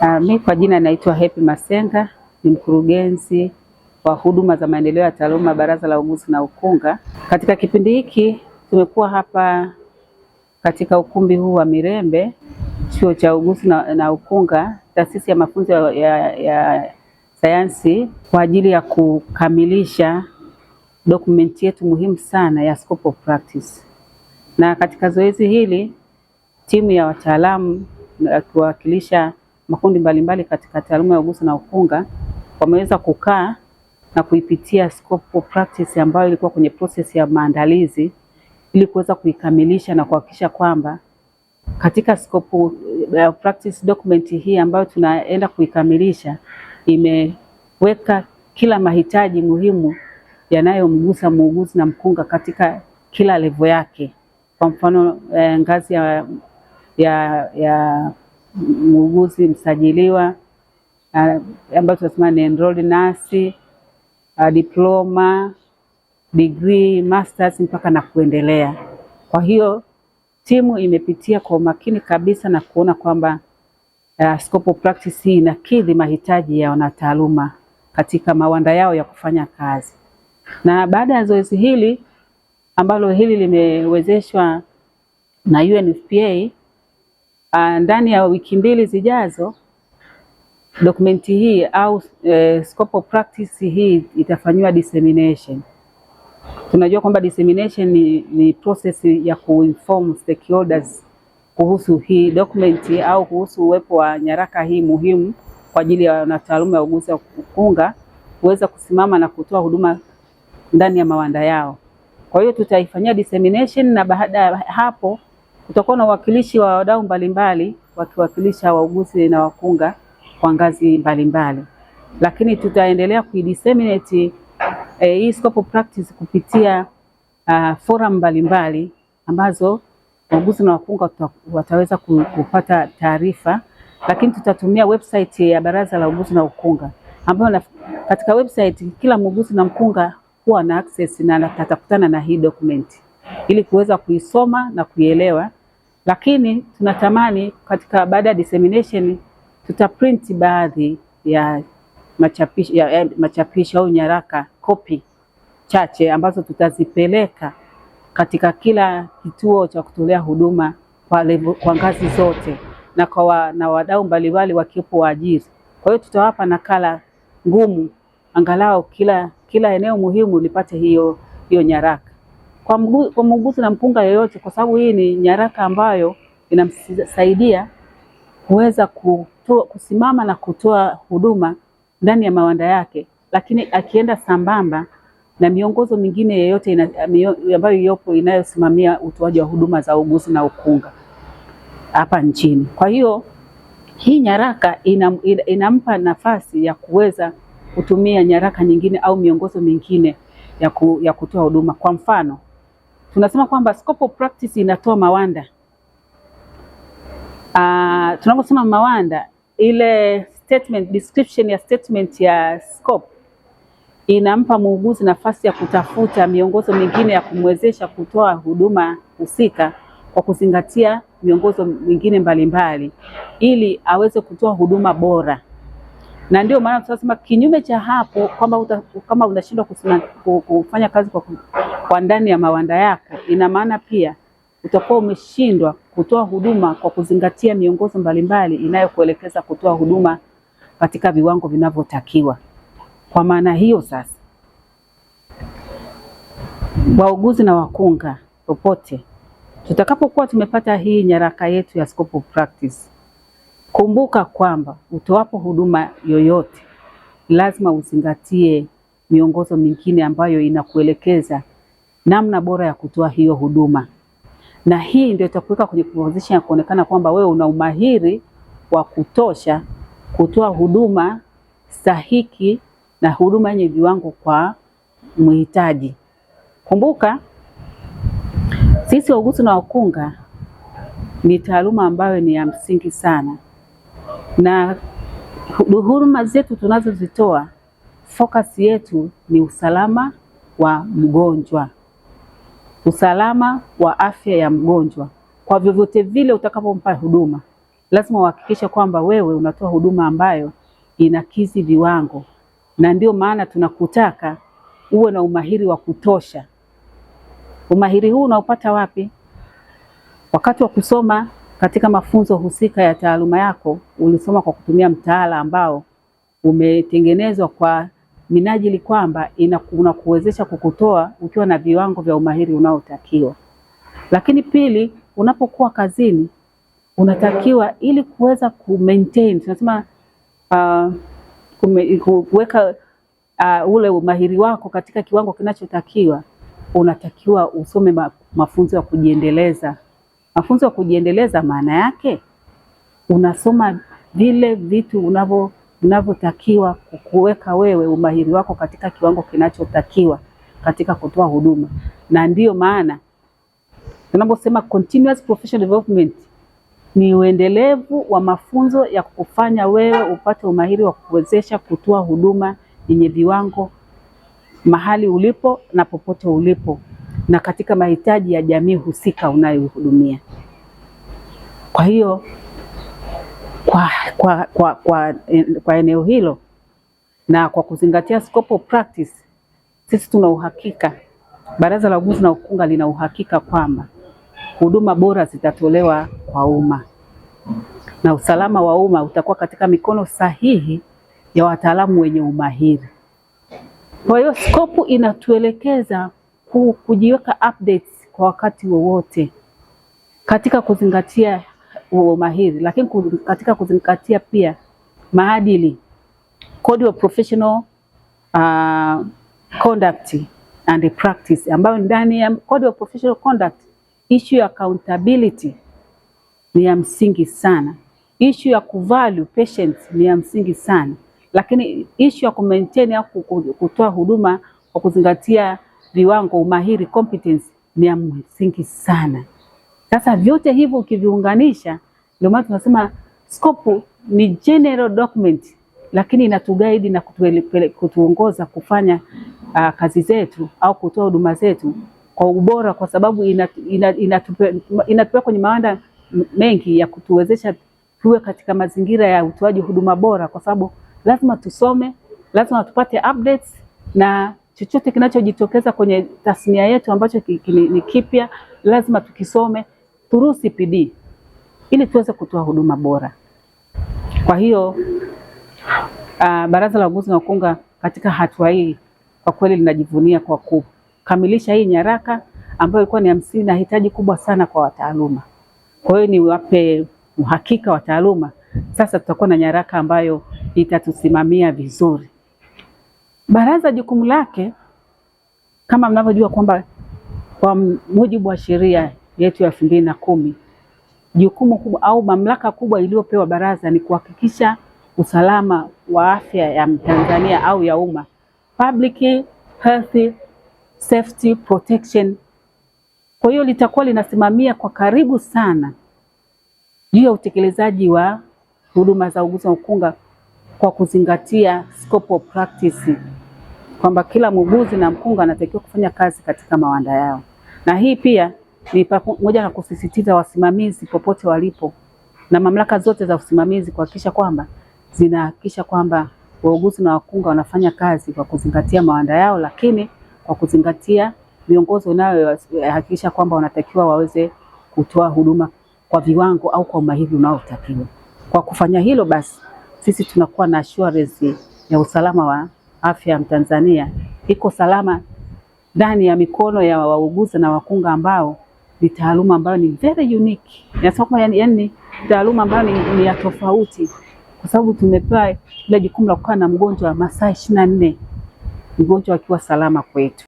Uh, mi kwa jina naitwa Happy Masenga, ni mkurugenzi wa huduma za maendeleo ya taaluma Baraza la Uuguzi na Ukunga. Katika kipindi hiki tumekuwa hapa katika ukumbi huu wa Mirembe, chuo cha Uuguzi na, na Ukunga, taasisi ya mafunzo ya, ya, ya sayansi kwa ajili ya kukamilisha dokumenti yetu muhimu sana ya scope of practice. Na katika zoezi hili timu ya wataalamu akiwakilisha makundi mbalimbali katika taaluma ya uguzi na ukunga wameweza kukaa na kuipitia scope practice ambayo ilikuwa kwenye process ya maandalizi ili kuweza kuikamilisha na kuhakikisha kwamba katika scope uh, practice document hii ambayo tunaenda kuikamilisha imeweka kila mahitaji muhimu yanayomgusa muuguzi na mkunga katika kila levo yake. Kwa mfano eh, ngazi ya, ya, ya muuguzi msajiliwa ambayo tunasema ni enrolled nurse, diploma, degree, masters mpaka na kuendelea. Kwa hiyo timu imepitia kwa umakini kabisa na kuona kwamba uh, scope of practice hii inakidhi mahitaji ya wanataaluma katika mawanda yao ya kufanya kazi. Na baada ya zoezi hili ambalo hili limewezeshwa na UNFPA Ah, ndani ya wiki mbili zijazo dokumenti hii au e, scope of practice hii itafanyiwa dissemination. Tunajua kwamba dissemination ni, ni process ya kuinform stakeholders kuhusu hii dokumenti au kuhusu uwepo wa nyaraka hii muhimu kwa ajili ya wanataaluma ya uguzi wa ukunga kuweza kusimama na kutoa huduma ndani ya mawanda yao. Kwa hiyo tutaifanyia dissemination na baada ya hapo Kutakuwa na uwakilishi wa wadau mbalimbali wakiwakilisha wauguzi na wakunga kwa ngazi mbalimbali, lakini tutaendelea kuidisseminate eh, hii scope of practice kupitia uh, forum mbalimbali ambazo wauguzi na wakunga wataweza kupata taarifa, lakini tutatumia website ya Baraza la Uuguzi na Ukunga ambayo katika website kila muuguzi na mkunga huwa na access na atakutana na hii document ili kuweza kuisoma na kuielewa lakini tunatamani katika baada ya dissemination tutaprint baadhi ya machapisho, ya, ya machapisho au nyaraka kopi chache ambazo tutazipeleka katika kila kituo cha kutolea huduma kwa, level, kwa ngazi zote na kwa wa, na wadau mbalimbali wakiwepo waajiri. Kwa hiyo tutawapa nakala ngumu angalau kila kila eneo muhimu lipate hiyo hiyo nyaraka kwa muuguzi na mkunga yoyote, kwa sababu hii ni nyaraka ambayo inamsaidia kuweza kutoa, kusimama na kutoa huduma ndani ya mawanda yake, lakini akienda sambamba na miongozo mingine yeyote ambayo iyopo inayosimamia utoaji wa huduma za uguzi na ukunga hapa nchini. Kwa hiyo hii nyaraka inam, inampa nafasi ya kuweza kutumia nyaraka nyingine au miongozo mingine ya, ku, ya kutoa huduma. Kwa mfano tunasema kwamba scope of practice inatoa mawanda. Uh, tunaposema mawanda ile statement, description ya statement ya scope inampa muuguzi nafasi ya kutafuta miongozo mingine ya kumwezesha kutoa huduma husika kwa kuzingatia miongozo mingine mbalimbali ili aweze kutoa huduma bora na ndio maana tunasema kinyume cha hapo kwamba uta, kama unashindwa kufanya kazi kwa, kwa ndani ya mawanda yako, ina maana pia utakuwa umeshindwa kutoa huduma kwa kuzingatia miongozo mbalimbali inayokuelekeza kutoa huduma katika viwango vinavyotakiwa. Kwa maana hiyo sasa, wauguzi na wakunga popote tutakapokuwa tumepata hii nyaraka yetu ya scope of practice Kumbuka kwamba utoapo huduma yoyote lazima uzingatie miongozo mingine ambayo inakuelekeza namna bora ya kutoa hiyo huduma, na hii ndio itakuweka kwenye position ya kuonekana kwamba wewe una umahiri wa kutosha kutoa huduma stahiki na huduma yenye viwango kwa mhitaji. Kumbuka sisi wauguzi na wakunga ni taaluma ambayo ni ya msingi sana na huduma zetu tunazozitoa, focus yetu ni usalama wa mgonjwa, usalama wa afya ya mgonjwa. Kwa vyovyote vile utakapompa huduma, lazima uhakikishe kwamba wewe unatoa huduma ambayo inakizi viwango, na ndio maana tunakutaka uwe na umahiri wa kutosha. Umahiri huu unaupata wapi? Wakati wa kusoma katika mafunzo husika ya taaluma yako ulisoma kwa kutumia mtaala ambao umetengenezwa kwa minajili kwamba unakuwezesha kukutoa ukiwa na viwango vya umahiri unaotakiwa. Lakini pili, unapokuwa kazini unatakiwa ili kuweza ku maintain tunasema uh, kuweka uh, ule umahiri wako katika kiwango kinachotakiwa, unatakiwa usome ma, mafunzo ya kujiendeleza Mafunzo ya kujiendeleza maana yake unasoma vile vitu unavyo unavyotakiwa kuweka wewe umahiri wako katika kiwango kinachotakiwa katika kutoa huduma, na ndiyo maana tunaposema continuous professional development ni uendelevu wa mafunzo ya kukufanya wewe upate umahiri wa kuwezesha kutoa huduma yenye viwango mahali ulipo na popote ulipo na katika mahitaji ya jamii husika unayohudumia. Kwa hiyo kwa, kwa, kwa, kwa, kwa eneo hilo na kwa kuzingatia scope of practice, sisi tuna uhakika, Baraza la Uguzi na Ukunga lina uhakika kwamba huduma bora zitatolewa kwa umma na usalama wa umma utakuwa katika mikono sahihi ya wataalamu wenye umahiri. Kwa hiyo skopu inatuelekeza kujiweka updates kwa wakati wowote katika kuzingatia umahiri, lakini katika kuzingatia pia maadili, code of professional uh, conduct and practice, ambayo ndani ya code of professional conduct issue ya accountability ni ya msingi sana, issue ya kuvalue patients ni ya msingi sana, lakini issue ya kumaintain au kutoa huduma kwa kuzingatia viwango, umahiri, competence ni ya msingi sana. Sasa vyote hivyo ukiviunganisha, ndio maana tunasema scope ni general document, lakini inatuguide na kutuongoza kufanya uh, kazi zetu au kutoa huduma zetu kwa ubora, kwa sababu inatupea kwenye mawanda mengi ya kutuwezesha tuwe katika mazingira ya utoaji huduma bora, kwa sababu lazima tusome, lazima tupate updates na chochote kinachojitokeza kwenye tasnia yetu ambacho ni kipya, lazima tukisome through CPD ili tuweze kutoa huduma bora. Kwa hiyo uh, Baraza la Waguzi na Wakunga katika hatua hii kwa kweli linajivunia kwa kukamilisha hii nyaraka ambayo ilikuwa ni hamsini na hitaji kubwa sana kwa wataaluma. Kwa hiyo niwape uhakika wataaluma, sasa tutakuwa na nyaraka ambayo itatusimamia vizuri. Baraza jukumu lake kama mnavyojua kwamba kwa mujibu wa sheria yetu ya elfu mbili na kumi jukumu kubwa au mamlaka kubwa iliyopewa baraza ni kuhakikisha usalama wa afya ya Mtanzania au ya umma, public health safety protection. Kwa hiyo litakuwa linasimamia kwa karibu sana juu ya utekelezaji wa huduma za uguzi wa kwa kuzingatia scope of practice kwamba kila muuguzi na mkunga anatakiwa kufanya kazi katika mawanda yao, na hii pia ni pamoja na kusisitiza wasimamizi popote walipo na mamlaka zote za usimamizi kuhakikisha kwamba zinahakikisha kwamba wauguzi na wakunga wanafanya kazi kwa kuzingatia mawanda yao, lakini kwa kuzingatia miongozo inayohakikisha kwamba wanatakiwa waweze kutoa huduma kwa viwango au kwa umahiri unaotakiwa. Kwa kufanya hilo basi, sisi tunakuwa na assurance ya usalama wa afya ya Mtanzania iko salama ndani ya mikono ya wauguzi na wakunga ambao ni taaluma ambayo ni very unique. Nasema yani, yani taaluma ambayo ni, ni ya tofauti kwa sababu tumepewa ile jukumu la kukaa na mgonjwa masaa ishirini na nne mgonjwa akiwa salama kwetu.